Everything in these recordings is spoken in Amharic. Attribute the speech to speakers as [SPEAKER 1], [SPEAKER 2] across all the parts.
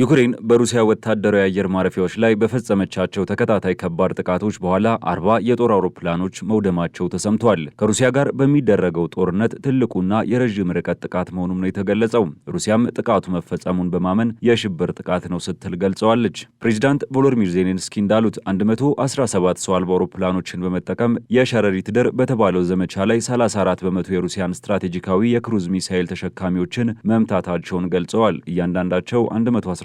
[SPEAKER 1] ዩክሬን በሩሲያ ወታደራዊ አየር ማረፊያዎች ላይ በፈጸመቻቸው ተከታታይ ከባድ ጥቃቶች በኋላ አርባ የጦር አውሮፕላኖች መውደማቸው ተሰምቷል። ከሩሲያ ጋር በሚደረገው ጦርነት ትልቁና የረዥም ርቀት ጥቃት መሆኑም ነው የተገለጸው። ሩሲያም ጥቃቱ መፈጸሙን በማመን የሽብር ጥቃት ነው ስትል ገልጸዋለች። ፕሬዚዳንት ቮሎዲሚር ዜሌንስኪ እንዳሉት 117 ሰው አልባ አውሮፕላኖችን በመጠቀም የሸረሪት ድር በተባለው ዘመቻ ላይ 34 በመቶ የሩሲያን ስትራቴጂካዊ የክሩዝ ሚሳይል ተሸካሚዎችን መምታታቸውን ገልጸዋል። እያንዳንዳቸው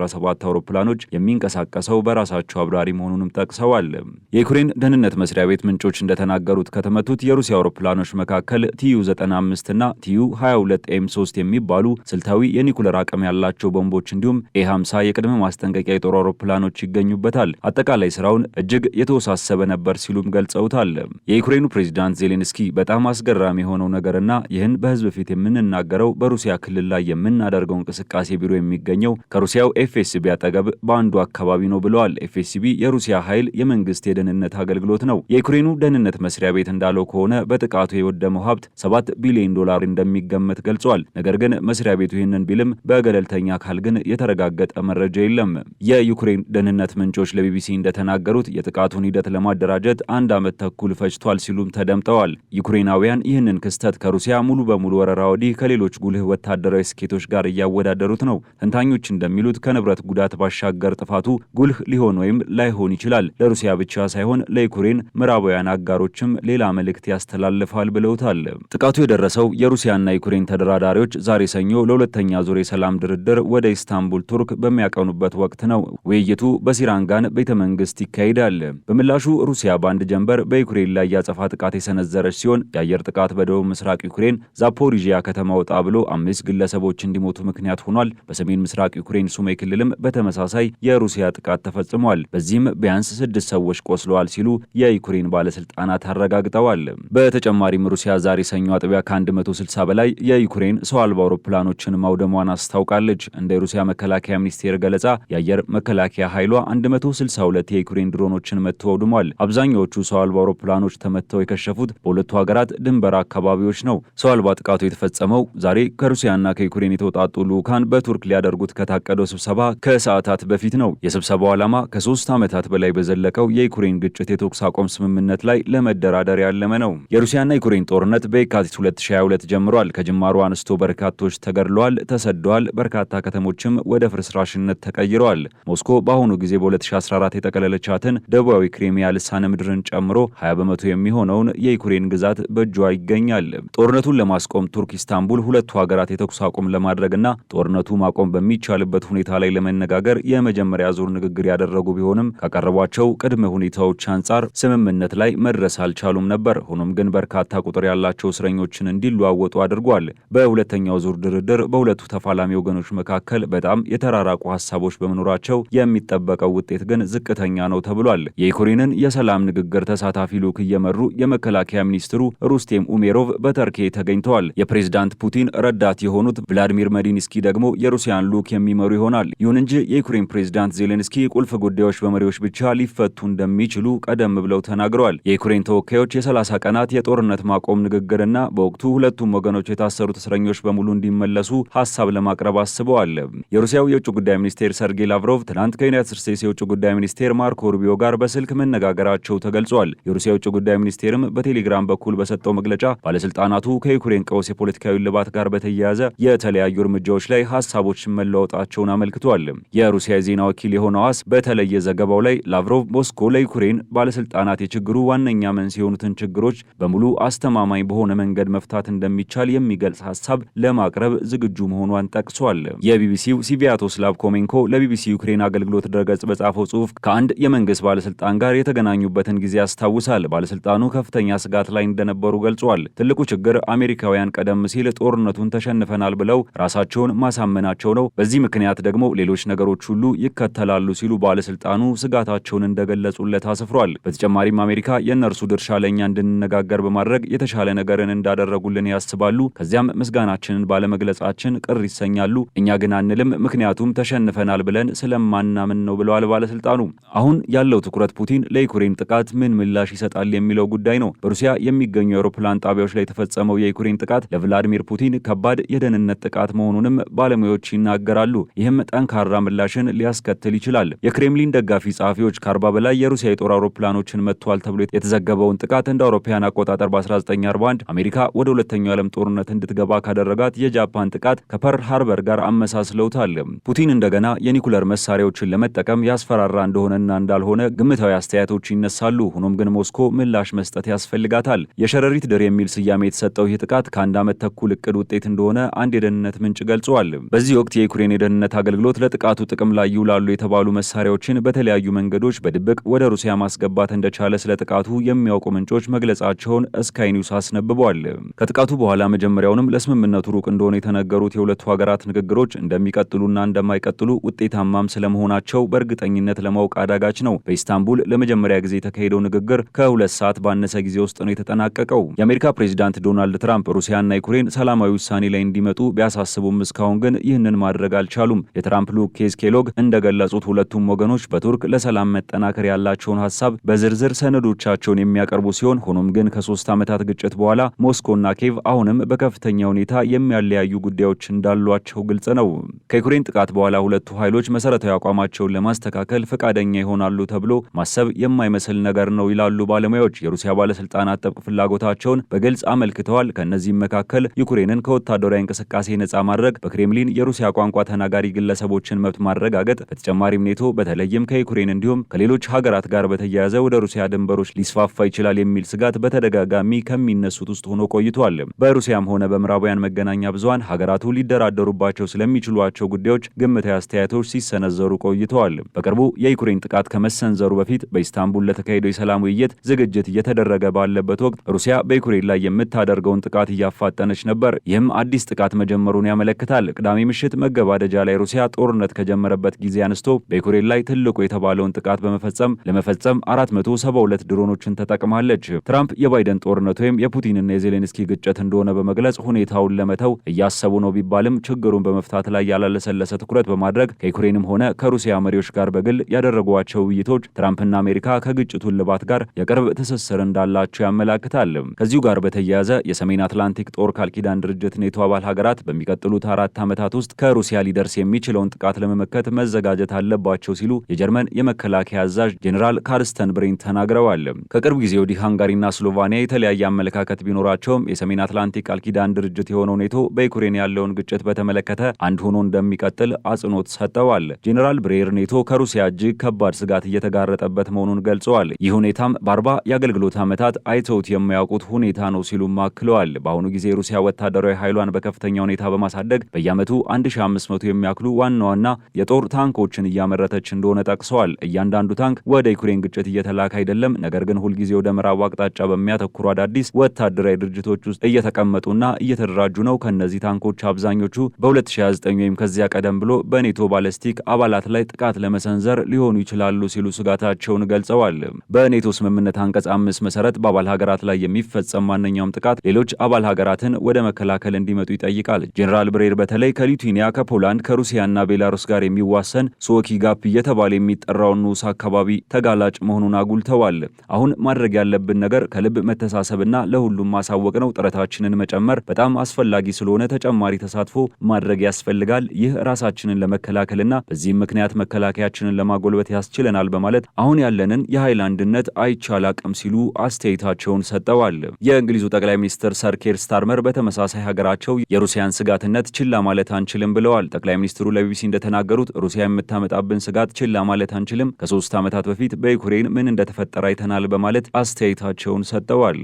[SPEAKER 1] 17 አውሮፕላኖች የሚንቀሳቀሰው በራሳቸው አብራሪ መሆኑንም ጠቅሰዋል። የዩክሬን ደህንነት መስሪያ ቤት ምንጮች እንደተናገሩት ከተመቱት የሩሲያ አውሮፕላኖች መካከል ቲዩ 95 እና ቲዩ 22 ኤም 3 የሚባሉ ስልታዊ የኒኩለር አቅም ያላቸው ቦምቦች እንዲሁም ኤ 50 የቅድመ ማስጠንቀቂያ የጦር አውሮፕላኖች ይገኙበታል። አጠቃላይ ስራውን እጅግ የተወሳሰበ ነበር ሲሉም ገልጸውታል። የዩክሬኑ ፕሬዚዳንት ዜሌንስኪ በጣም አስገራሚ የሆነው ነገርና ይህን በህዝብ ፊት የምንናገረው በሩሲያ ክልል ላይ የምናደርገው እንቅስቃሴ ቢሮ የሚገኘው ከሩሲያው ኤፍ ከኤፍኤስቢ አጠገብ በአንዱ አካባቢ ነው ብለዋል። ኤፍኤስቢ የሩሲያ ኃይል የመንግስት የደህንነት አገልግሎት ነው። የዩክሬኑ ደህንነት መስሪያ ቤት እንዳለው ከሆነ በጥቃቱ የወደመው ሀብት 7 ቢሊዮን ዶላር እንደሚገመት ገልጿል። ነገር ግን መስሪያ ቤቱ ይህንን ቢልም በገለልተኛ አካል ግን የተረጋገጠ መረጃ የለም። የዩክሬን ደህንነት ምንጮች ለቢቢሲ እንደተናገሩት የጥቃቱን ሂደት ለማደራጀት አንድ ዓመት ተኩል ፈጅቷል ሲሉም ተደምጠዋል። ዩክሬናውያን ይህንን ክስተት ከሩሲያ ሙሉ በሙሉ ወረራ ወዲህ ከሌሎች ጉልህ ወታደራዊ ስኬቶች ጋር እያወዳደሩት ነው። ተንታኞች እንደሚሉት ከነ ከንብረት ጉዳት ባሻገር ጥፋቱ ጉልህ ሊሆን ወይም ላይሆን ይችላል። ለሩሲያ ብቻ ሳይሆን ለዩክሬን ምዕራባውያን አጋሮችም ሌላ መልእክት ያስተላልፋል ብለውታል። ጥቃቱ የደረሰው የሩሲያና ዩክሬን ተደራዳሪዎች ዛሬ ሰኞ ለሁለተኛ ዙር የሰላም ድርድር ወደ ኢስታንቡል ቱርክ በሚያቀኑበት ወቅት ነው። ውይይቱ በሲራንጋን ቤተ መንግስት ይካሄዳል። በምላሹ ሩሲያ በአንድ ጀንበር በዩክሬን ላይ ያጸፋ ጥቃት የሰነዘረች ሲሆን የአየር ጥቃት በደቡብ ምስራቅ ዩክሬን ዛፖሪዥያ ከተማ ወጣ ብሎ አምስት ግለሰቦች እንዲሞቱ ምክንያት ሆኗል። በሰሜን ምስራቅ ዩክሬን ሱሜ ክልልም በተመሳሳይ የሩሲያ ጥቃት ተፈጽሟል። በዚህም ቢያንስ ስድስት ሰዎች ቆስለዋል ሲሉ የዩክሬን ባለስልጣናት አረጋግጠዋል። በተጨማሪም ሩሲያ ዛሬ ሰኞ አጥቢያ ከ160 በላይ የዩክሬን ሰው አልባ አውሮፕላኖችን ማውደሟን አስታውቃለች። እንደ የሩሲያ መከላከያ ሚኒስቴር ገለጻ የአየር መከላከያ ኃይሏ 162 የዩክሬን ድሮኖችን መጥቶ አውድሟል። አብዛኛዎቹ ሰው አልባ አውሮፕላኖች ተመተው የከሸፉት በሁለቱ ሀገራት ድንበር አካባቢዎች ነው። ሰው አልባ ጥቃቱ የተፈጸመው ዛሬ ከሩሲያና ከዩክሬን የተውጣጡ ልዑካን በቱርክ ሊያደርጉት ከታቀደው ስብሰባ ስብሰባ ከሰዓታት በፊት ነው። የስብሰባው ዓላማ ከሶስት ዓመታት በላይ በዘለቀው የዩክሬን ግጭት የተኩስ አቁም ስምምነት ላይ ለመደራደር ያለመ ነው። የሩሲያና ዩክሬን ጦርነት በየካቲት 2022 ጀምሯል። ከጅማሩ አንስቶ በርካቶች ተገድለዋል፣ ተሰደዋል። በርካታ ከተሞችም ወደ ፍርስራሽነት ተቀይረዋል። ሞስኮ በአሁኑ ጊዜ በ2014 የጠቀለለቻትን ደቡባዊ ክሪሚያ ልሳነ ምድርን ጨምሮ 20 በመቶ የሚሆነውን የዩክሬን ግዛት በእጇ ይገኛል። ጦርነቱን ለማስቆም ቱርክ ኢስታንቡል ሁለቱ ሀገራት የተኩስ አቁም ለማድረግና ጦርነቱ ማቆም በሚቻልበት ሁኔታ ላይ ለመነጋገር የመጀመሪያ ዙር ንግግር ያደረጉ ቢሆንም ካቀረቧቸው ቅድመ ሁኔታዎች አንጻር ስምምነት ላይ መድረስ አልቻሉም ነበር። ሆኖም ግን በርካታ ቁጥር ያላቸው እስረኞችን እንዲለዋወጡ አድርጓል። በሁለተኛው ዙር ድርድር በሁለቱ ተፋላሚ ወገኖች መካከል በጣም የተራራቁ ሀሳቦች በመኖራቸው የሚጠበቀው ውጤት ግን ዝቅተኛ ነው ተብሏል። የኢኮሪንን የሰላም ንግግር ተሳታፊ ልዑክ እየመሩ የመከላከያ ሚኒስትሩ ሩስቴም ኡሜሮቭ በተርኬ ተገኝተዋል። የፕሬዚዳንት ፑቲን ረዳት የሆኑት ቭላዲሚር መዲንስኪ ደግሞ የሩሲያን ልዑክ የሚመሩ ይሆናል። ተናግረዋል። ይሁን እንጂ የዩክሬን ፕሬዚዳንት ዜሌንስኪ ቁልፍ ጉዳዮች በመሪዎች ብቻ ሊፈቱ እንደሚችሉ ቀደም ብለው ተናግረዋል። የዩክሬን ተወካዮች የ30 ቀናት የጦርነት ማቆም ንግግርና በወቅቱ ሁለቱም ወገኖች የታሰሩት እስረኞች በሙሉ እንዲመለሱ ሀሳብ ለማቅረብ አስበዋል። የሩሲያው የውጭ ጉዳይ ሚኒስቴር ሰርጌይ ላቭሮቭ ትናንት ከዩናይትድ ስቴትስ የውጭ ጉዳይ ሚኒስቴር ማርኮ ሩቢዮ ጋር በስልክ መነጋገራቸው ተገልጿል። የሩሲያ የውጭ ጉዳይ ሚኒስቴርም በቴሌግራም በኩል በሰጠው መግለጫ ባለስልጣናቱ ከዩክሬን ቀውስ የፖለቲካዊ ልባት ጋር በተያያዘ የተለያዩ እርምጃዎች ላይ ሀሳቦች መለዋወጣቸውን አመልክቷል። አመልክቷል። የሩሲያ የዜና ወኪል የሆነው አስ በተለየ ዘገባው ላይ ላቭሮቭ ሞስኮ ለዩክሬን ባለስልጣናት የችግሩ ዋነኛ መንስኤ የሆኑትን ችግሮች በሙሉ አስተማማኝ በሆነ መንገድ መፍታት እንደሚቻል የሚገልጽ ሀሳብ ለማቅረብ ዝግጁ መሆኗን ጠቅሷል። የቢቢሲው ሲቪያቶስላቭ ኮሜንኮ ለቢቢሲ ዩክሬን አገልግሎት ድረገጽ በጻፈው ጽሁፍ ከአንድ የመንግስት ባለስልጣን ጋር የተገናኙበትን ጊዜ ያስታውሳል። ባለስልጣኑ ከፍተኛ ስጋት ላይ እንደነበሩ ገልጿል። ትልቁ ችግር አሜሪካውያን ቀደም ሲል ጦርነቱን ተሸንፈናል ብለው ራሳቸውን ማሳመናቸው ነው። በዚህ ምክንያት ደግሞ ሌሎች ነገሮች ሁሉ ይከተላሉ ሲሉ ባለስልጣኑ ስጋታቸውን እንደገለጹለት አስፍሯል። በተጨማሪም አሜሪካ የእነርሱ ድርሻ ለእኛ እንድንነጋገር በማድረግ የተሻለ ነገርን እንዳደረጉልን ያስባሉ። ከዚያም ምስጋናችንን ባለመግለጻችን ቅር ይሰኛሉ። እኛ ግን አንልም፣ ምክንያቱም ተሸንፈናል ብለን ስለማናምን ነው ብለዋል ባለስልጣኑ። አሁን ያለው ትኩረት ፑቲን ለዩክሬን ጥቃት ምን ምላሽ ይሰጣል የሚለው ጉዳይ ነው። በሩሲያ የሚገኙ የአውሮፕላን ጣቢያዎች ላይ የተፈጸመው የዩክሬን ጥቃት ለቭላዲሚር ፑቲን ከባድ የደህንነት ጥቃት መሆኑንም ባለሙያዎች ይናገራሉ። ይህም ጠንካራ ምላሽን ሊያስከትል ይችላል። የክሬምሊን ደጋፊ ጸሐፊዎች ከአርባ በላይ የሩሲያ የጦር አውሮፕላኖችን መጥቷል ተብሎ የተዘገበውን ጥቃት እንደ አውሮፓውያን አቆጣጠር በ1941 አሜሪካ ወደ ሁለተኛው ዓለም ጦርነት እንድትገባ ካደረጋት የጃፓን ጥቃት ከፐርል ሃርበር ጋር አመሳስለውታል። ፑቲን እንደገና የኒኩለር መሳሪያዎችን ለመጠቀም ያስፈራራ እንደሆነና እንዳልሆነ ግምታዊ አስተያየቶች ይነሳሉ። ሆኖም ግን ሞስኮ ምላሽ መስጠት ያስፈልጋታል። የሸረሪት ድር የሚል ስያሜ የተሰጠው ይህ ጥቃት ከአንድ ዓመት ተኩል እቅድ ውጤት እንደሆነ አንድ የደህንነት ምንጭ ገልጿል። በዚህ ወቅት የዩክሬን የደህንነት አገልግሎት አገልግሎት ለጥቃቱ ጥቅም ላይ ይውላሉ የተባሉ መሳሪያዎችን በተለያዩ መንገዶች በድብቅ ወደ ሩሲያ ማስገባት እንደቻለ ስለ ጥቃቱ የሚያውቁ ምንጮች መግለጻቸውን ስካይ ኒውስ አስነብበዋል። ከጥቃቱ በኋላ መጀመሪያውንም ለስምምነቱ ሩቅ እንደሆነ የተነገሩት የሁለቱ ሀገራት ንግግሮች እንደሚቀጥሉና እንደማይቀጥሉ ውጤታማም ስለመሆናቸው በእርግጠኝነት ለማወቅ አዳጋች ነው። በኢስታንቡል ለመጀመሪያ ጊዜ የተካሄደው ንግግር ከሁለት ሰዓት ባነሰ ጊዜ ውስጥ ነው የተጠናቀቀው። የአሜሪካ ፕሬዚዳንት ዶናልድ ትራምፕ ሩሲያና ዩክሬን ሰላማዊ ውሳኔ ላይ እንዲመጡ ቢያሳስቡም እስካሁን ግን ይህንን ማድረግ አልቻሉም። ካምፕ ሉክ ኬዝ ኬሎግ እንደገለጹት ሁለቱም ወገኖች በቱርክ ለሰላም መጠናከር ያላቸውን ሀሳብ በዝርዝር ሰነዶቻቸውን የሚያቀርቡ ሲሆን ሆኖም ግን ከሶስት ዓመታት ግጭት በኋላ ሞስኮና ኬቭ አሁንም በከፍተኛ ሁኔታ የሚያለያዩ ጉዳዮች እንዳሏቸው ግልጽ ነው። ከዩክሬን ጥቃት በኋላ ሁለቱ ኃይሎች መሰረታዊ አቋማቸውን ለማስተካከል ፈቃደኛ ይሆናሉ ተብሎ ማሰብ የማይመስል ነገር ነው ይላሉ ባለሙያዎች። የሩሲያ ባለስልጣናት ጥብቅ ፍላጎታቸውን በግልጽ አመልክተዋል። ከእነዚህም መካከል ዩክሬንን ከወታደራዊ እንቅስቃሴ ነጻ ማድረግ፣ በክሬምሊን የሩሲያ ቋንቋ ተናጋሪ ግለሰብ የግለሰቦችን መብት ማረጋገጥ፣ በተጨማሪም ኔቶ በተለይም ከዩክሬን እንዲሁም ከሌሎች ሀገራት ጋር በተያያዘ ወደ ሩሲያ ድንበሮች ሊስፋፋ ይችላል የሚል ስጋት በተደጋጋሚ ከሚነሱት ውስጥ ሆኖ ቆይቷል። በሩሲያም ሆነ በምዕራባውያን መገናኛ ብዙሃን ሀገራቱ ሊደራደሩባቸው ስለሚችሏቸው ጉዳዮች ግምታዊ አስተያየቶች ሲሰነዘሩ ቆይተዋል። በቅርቡ የዩክሬን ጥቃት ከመሰንዘሩ በፊት በኢስታንቡል ለተካሄደው የሰላም ውይይት ዝግጅት እየተደረገ ባለበት ወቅት ሩሲያ በዩክሬን ላይ የምታደርገውን ጥቃት እያፋጠነች ነበር። ይህም አዲስ ጥቃት መጀመሩን ያመለክታል። ቅዳሜ ምሽት መገባደጃ ላይ ሩሲያ ጦርነት ከጀመረበት ጊዜ አንስቶ በዩክሬን ላይ ትልቁ የተባለውን ጥቃት በመፈጸም ለመፈጸም 472 ድሮኖችን ተጠቅማለች። ትራምፕ የባይደን ጦርነት ወይም የፑቲንና የዜሌንስኪ ግጭት እንደሆነ በመግለጽ ሁኔታውን ለመተው እያሰቡ ነው ቢባልም ችግሩን በመፍታት ላይ ያላለሰለሰ ትኩረት በማድረግ ከዩክሬንም ሆነ ከሩሲያ መሪዎች ጋር በግል ያደረጓቸው ውይይቶች ትራምፕና አሜሪካ ከግጭቱ ልባት ጋር የቅርብ ትስስር እንዳላቸው ያመላክታል። ከዚሁ ጋር በተያያዘ የሰሜን አትላንቲክ ጦር ቃል ኪዳን ድርጅት ኔቶ አባል ሀገራት በሚቀጥሉት አራት ዓመታት ውስጥ ከሩሲያ ሊደርስ የሚችለው የሚለውን ጥቃት ለመመከት መዘጋጀት አለባቸው ሲሉ የጀርመን የመከላከያ አዛዥ ጄኔራል ካርስተን ብሬን ተናግረዋል። ከቅርብ ጊዜ ወዲህ ሃንጋሪና ስሎቫኒያ የተለያየ አመለካከት ቢኖራቸውም የሰሜን አትላንቲክ ቃል ኪዳን ድርጅት የሆነው ኔቶ በዩክሬን ያለውን ግጭት በተመለከተ አንድ ሆኖ እንደሚቀጥል አጽንኦት ሰጥተዋል። ጄኔራል ብሬር ኔቶ ከሩሲያ እጅግ ከባድ ስጋት እየተጋረጠበት መሆኑን ገልጸዋል። ይህ ሁኔታም በአርባ የአገልግሎት ዓመታት አይተውት የማያውቁት ሁኔታ ነው ሲሉም አክለዋል። በአሁኑ ጊዜ ሩሲያ ወታደራዊ ኃይሏን በከፍተኛ ሁኔታ በማሳደግ በየዓመቱ 1500 የሚያክሉ ዋ ዋና ዋና የጦር ታንኮችን እያመረተች እንደሆነ ጠቅሰዋል። እያንዳንዱ ታንክ ወደ ዩክሬን ግጭት እየተላከ አይደለም፣ ነገር ግን ሁልጊዜ ወደ ምዕራቡ አቅጣጫ በሚያተኩሩ አዳዲስ ወታደራዊ ድርጅቶች ውስጥ እየተቀመጡና እየተደራጁ ነው። ከእነዚህ ታንኮች አብዛኞቹ በ2029 ወይም ከዚያ ቀደም ብሎ በኔቶ ባለስቲክ አባላት ላይ ጥቃት ለመሰንዘር ሊሆኑ ይችላሉ ሲሉ ስጋታቸውን ገልጸዋል። በኔቶ ስምምነት አንቀጽ አምስት መሰረት በአባል ሀገራት ላይ የሚፈጸም ማንኛውም ጥቃት ሌሎች አባል ሀገራትን ወደ መከላከል እንዲመጡ ይጠይቃል። ጄኔራል ብሬር በተለይ ከሊቱዌኒያ፣ ከፖላንድ፣ ከሩሲያና ሩሲያና ቤላሩስ ጋር የሚዋሰን ሶኪ ጋፕ እየተባለ የሚጠራውን ንዑስ አካባቢ ተጋላጭ መሆኑን አጉልተዋል። አሁን ማድረግ ያለብን ነገር ከልብ መተሳሰብና ለሁሉም ማሳወቅ ነው። ጥረታችንን መጨመር በጣም አስፈላጊ ስለሆነ ተጨማሪ ተሳትፎ ማድረግ ያስፈልጋል። ይህ ራሳችንን ለመከላከልና በዚህም ምክንያት መከላከያችንን ለማጎልበት ያስችለናል በማለት አሁን ያለንን የኃይል አንድነት አይቻል አቅም ሲሉ አስተያየታቸውን ሰጠዋል። የእንግሊዙ ጠቅላይ ሚኒስትር ሰር ኬር ስታርመር በተመሳሳይ ሀገራቸው የሩሲያን ስጋትነት ችላ ማለት አንችልም ብለዋል። ጠቅላይ ሚኒስትሩ ለቢቢሲ እንደተናገሩት ሩሲያ የምታመጣብን ስጋት ችላ ማለት አንችልም። ከሶስት ዓመታት በፊት በዩክሬን ምን እንደተፈጠረ አይተናል በማለት አስተያየታቸውን ሰጥተዋል።